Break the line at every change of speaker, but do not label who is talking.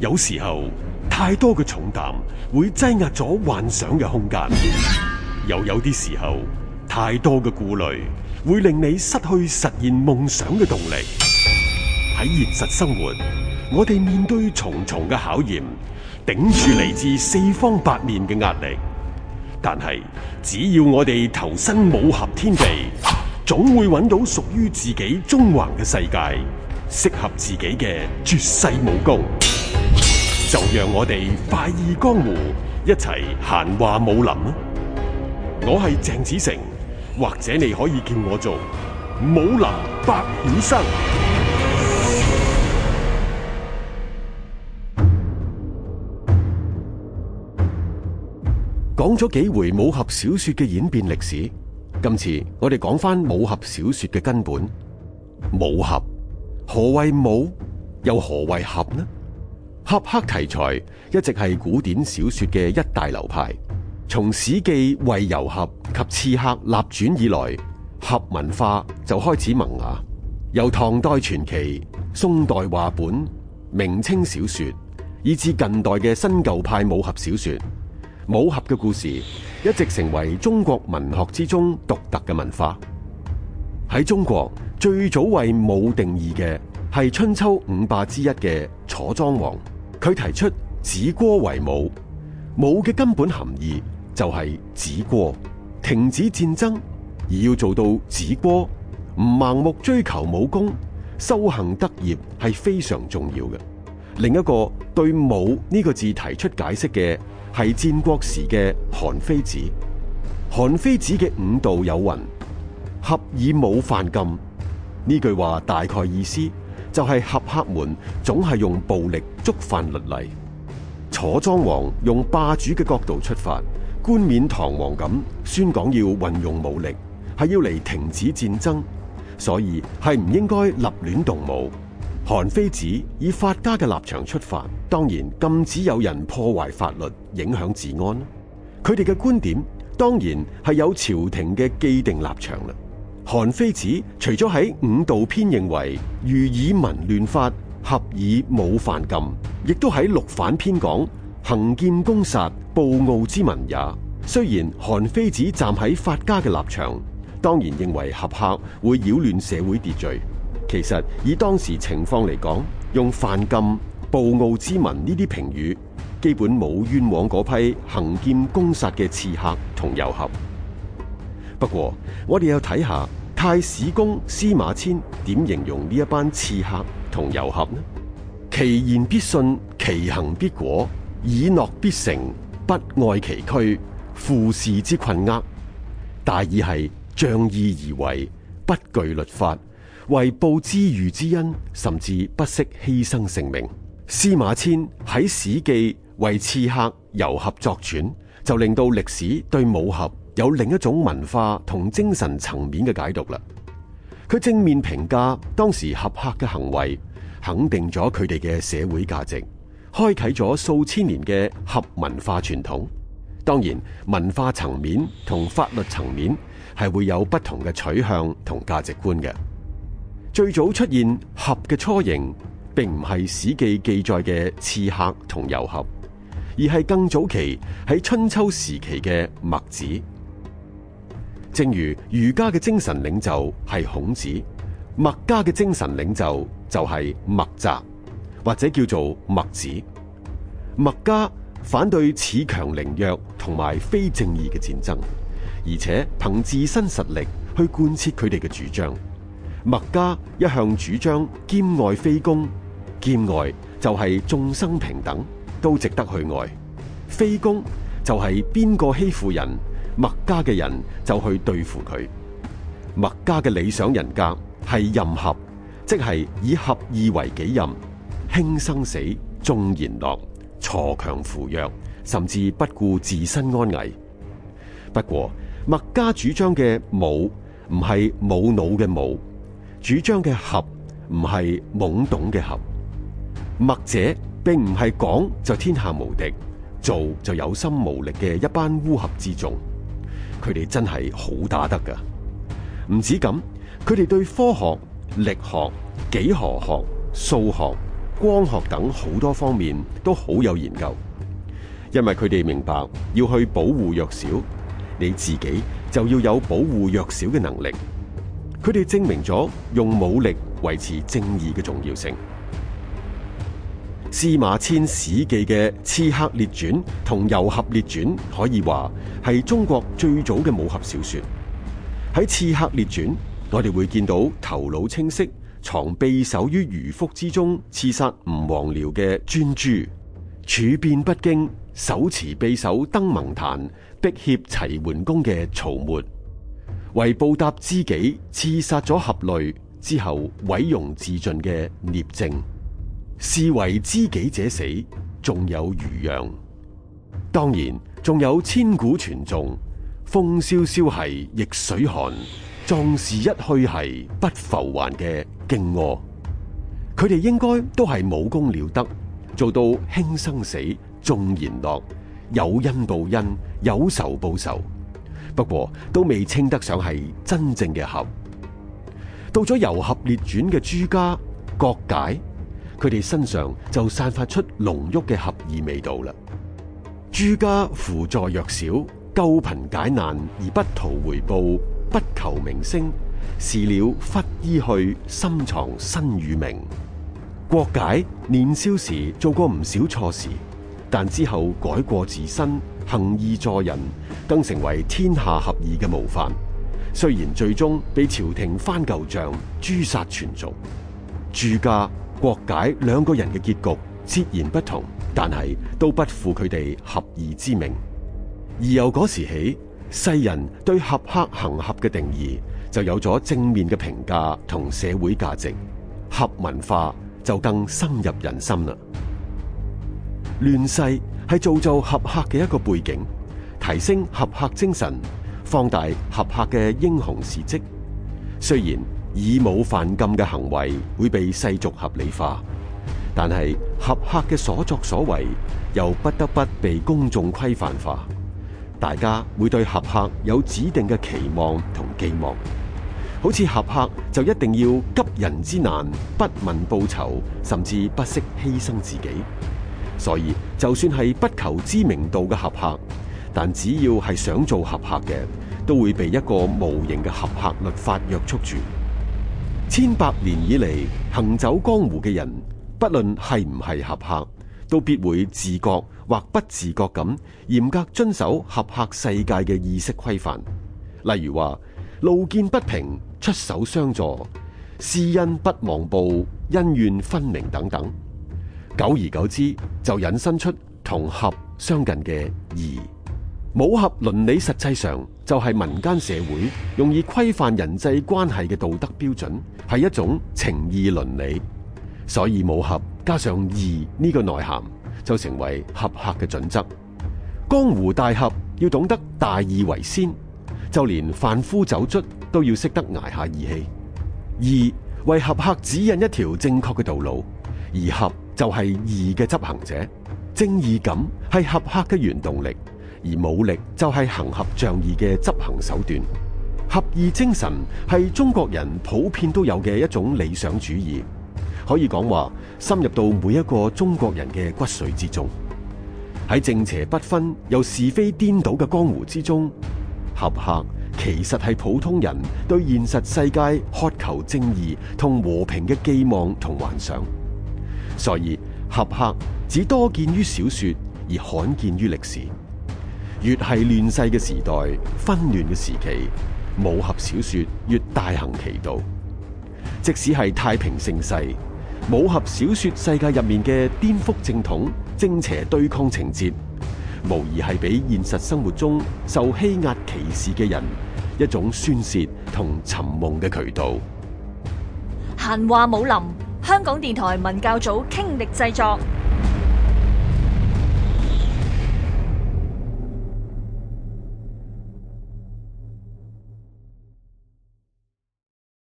有時候太多嘅重擔會擠壓咗幻想嘅空間，又有啲時候太多嘅顧慮會令你失去實現夢想嘅動力。喺現實生活，我哋面對重重嘅考驗，頂住嚟自四方八面嘅壓力。但係只要我哋投身武俠天地，總會揾到屬於自己縱橫嘅世界。適合自己嘅絕世武功，就讓我哋快意江湖，一齊閒話武林啦！我係鄭子成，或者你可以叫我做武林百曉生。講咗幾回武俠小說嘅演變歷史，今次我哋講返武俠小說嘅根本——武俠。何謂武？又何謂俠呢？俠客題材一直係古典小說嘅一大流派。從《史記》為遊俠及刺客立傳以來，俠文化就開始萌芽。由唐代傳奇、宋代話本、明清小說，以至近代嘅新舊派武俠小說，武俠嘅故事一直成為中國文學之中獨特嘅文化。喺中國。最早為武定義嘅係春秋五霸之一嘅楚莊王，佢提出止戈為武，武嘅根本含義就係止戈，停止戰爭。而要做到止戈，唔盲目追求武功，修行德業係非常重要嘅。另一個對武呢個字提出解釋嘅係戰國時嘅韓非子，韓非子嘅五蠹有云：俠以武犯禁。呢句話大概意思就係俠客們總係用暴力觸犯律例。楚莊王用霸主嘅角度出發，冠冕堂皇咁宣講要運用武力，係要嚟停止戰爭，所以係唔應該立亂動武。韓非子以法家嘅立場出發，當然禁止有人破壞法律，影響治安。佢哋嘅觀點當然係有朝廷嘅既定立場啦。韓非子除咗喺五道篇認為儒以文亂法，俠以武犯禁，亦都喺六反篇講行劍攻殺，暴傲之民也。雖然韓非子站喺法家嘅立場，當然認為俠客會擾亂社會秩序。其實以當時情況嚟講，用犯禁、暴傲之民呢啲評語，基本冇冤枉嗰批行劍攻殺嘅刺客同遊俠。不過我哋又睇下。太史公司馬遷點形容呢一班刺客同游俠呢？其言必信，其行必果，已諾必誠，不愛其軀，赴士之困厄。大意係仗義而為，不懼律法，為報知遇之恩，甚至不惜犧牲性命。司馬遷喺史記為刺客游俠作傳，就令到歷史對武俠。有另一種文化同精神層面嘅解讀啦。佢正面評價當時俠客嘅行為，肯定咗佢哋嘅社會價值，開啟咗數千年嘅俠文化傳統。當然，文化層面同法律層面係會有不同嘅取向同價值觀嘅。最早出現俠嘅雛形，並唔係史記記載嘅刺客同游俠，而係更早期喺春秋時期嘅墨子。正如儒家嘅精神領袖係孔子，墨家嘅精神領袖就係墨翟或者叫做墨子。墨家反對恃強凌弱同埋非正義嘅戰爭，而且憑自身實力去貫徹佢哋嘅主張。墨家一向主張兼愛非攻，兼愛就係眾生平等，都值得去愛；非攻就係邊個欺負人。墨家嘅人就去對付佢。墨家嘅理想人格係任俠，即係以俠義為己任，輕生死，重言諾，鋤強扶弱，甚至不顧自身安危。不過，墨家主張嘅武唔係冇腦嘅武，主張嘅俠唔係懵懂嘅俠。墨者並唔係講就天下無敵，做就有心無力嘅一班烏合之眾。佢哋真係好打得㗎，唔止咁，佢哋對科學、力學、幾何學、數學、光學等好多方面都好有研究。因為佢哋明白要去保護弱小，你自己就要有保護弱小嘅能力。佢哋證明咗用武力維持正義嘅重要性。司馬遷《史記》嘅《刺客列傳》同《遊俠列傳》，可以話係中國最早嘅武俠小說。喺《刺客列傳》，我哋會見到頭腦清晰、藏匕首於魚腹之中刺殺吳王僚嘅專諸；處變不驚、手持匕首登盟壇逼挾齊桓公嘅曹沫；為報答知己，刺殺咗俠累之後毀容自盡嘅聶政。是為知己者死，仲有豫讓。當然仲有千古傳頌。風蕭蕭兮易水寒，壯士一去兮不復還嘅荊軻。佢哋應該都係武功了得，做到輕生死，重言諾，有恩報恩，有仇報仇。不過都未稱得上係真正嘅俠。到咗遊俠列傳嘅朱家、郭解。佢哋身上就散發出濃郁嘅俠義味道啦。朱家扶助弱小，救貧解難而不圖回報，不求名聲，事了拂衣去，深藏身與名。郭解年少時做過唔少錯事，但之後改過自新，行義助人，更成為天下俠義嘅模範。雖然最終被朝廷翻舊賬，誅殺全族。朱家。國解兩個人嘅結局截然不同，但係都不負佢哋俠義之名。而由嗰時起，世人對俠客行俠嘅定義就有咗正面嘅評價同社會價值，俠文化就更深入人心啦。亂世係造就俠客嘅一個背景，提升俠客精神，放大俠客嘅英雄事跡。雖然。以武犯禁嘅行為會被世俗合理化，但係俠客嘅所作所為又不得不被公眾規範化。大家會對俠客有指定嘅期望同寄望，好似俠客就一定要急人之難、不問報酬，甚至不惜犧牲自己。所以就算係不求知名度嘅俠客，但只要係想做俠客嘅，都會被一個無形嘅俠客律法約束住。千百年以嚟行走江湖嘅人，不論係唔係俠客，都必會自覺或不自覺咁嚴格遵守俠客世界嘅意識規範，例如話路見不平出手相助、施恩不忘報、恩怨分明等等。久而久之，就引申出同俠相近嘅義。武俠倫理實際上。就係民間社會用以規範人際關係嘅道德標準，係一種情義倫理。所以武俠加上義呢個內涵，就成為俠客嘅準則。江湖大俠要懂得大義為先，就連販夫走卒都要識得捱下義氣。義為俠客指引一條正確嘅道路，而俠就係義嘅執行者。正義感係俠客嘅原動力。而武力就係行俠仗義嘅執行手段。俠義精神係中國人普遍都有嘅一種理想主義，可以講話深入到每一個中國人嘅骨髓之中。喺正邪不分又是非顛倒嘅江湖之中，俠客其實係普通人對現實世界渴求正義同和，和平嘅寄望同幻想。所以俠客只多見於小說，而罕見於歷史。越係亂世嘅時代、紛亂嘅時期，武俠小說越大行其道。即使係太平盛世，武俠小說世界入面嘅顛覆正統、正邪對抗情節，無疑係俾現實生活中受欺壓歧視嘅人一種宣洩同尋夢嘅渠道。閒話武林，香港電台文教組傾力製作。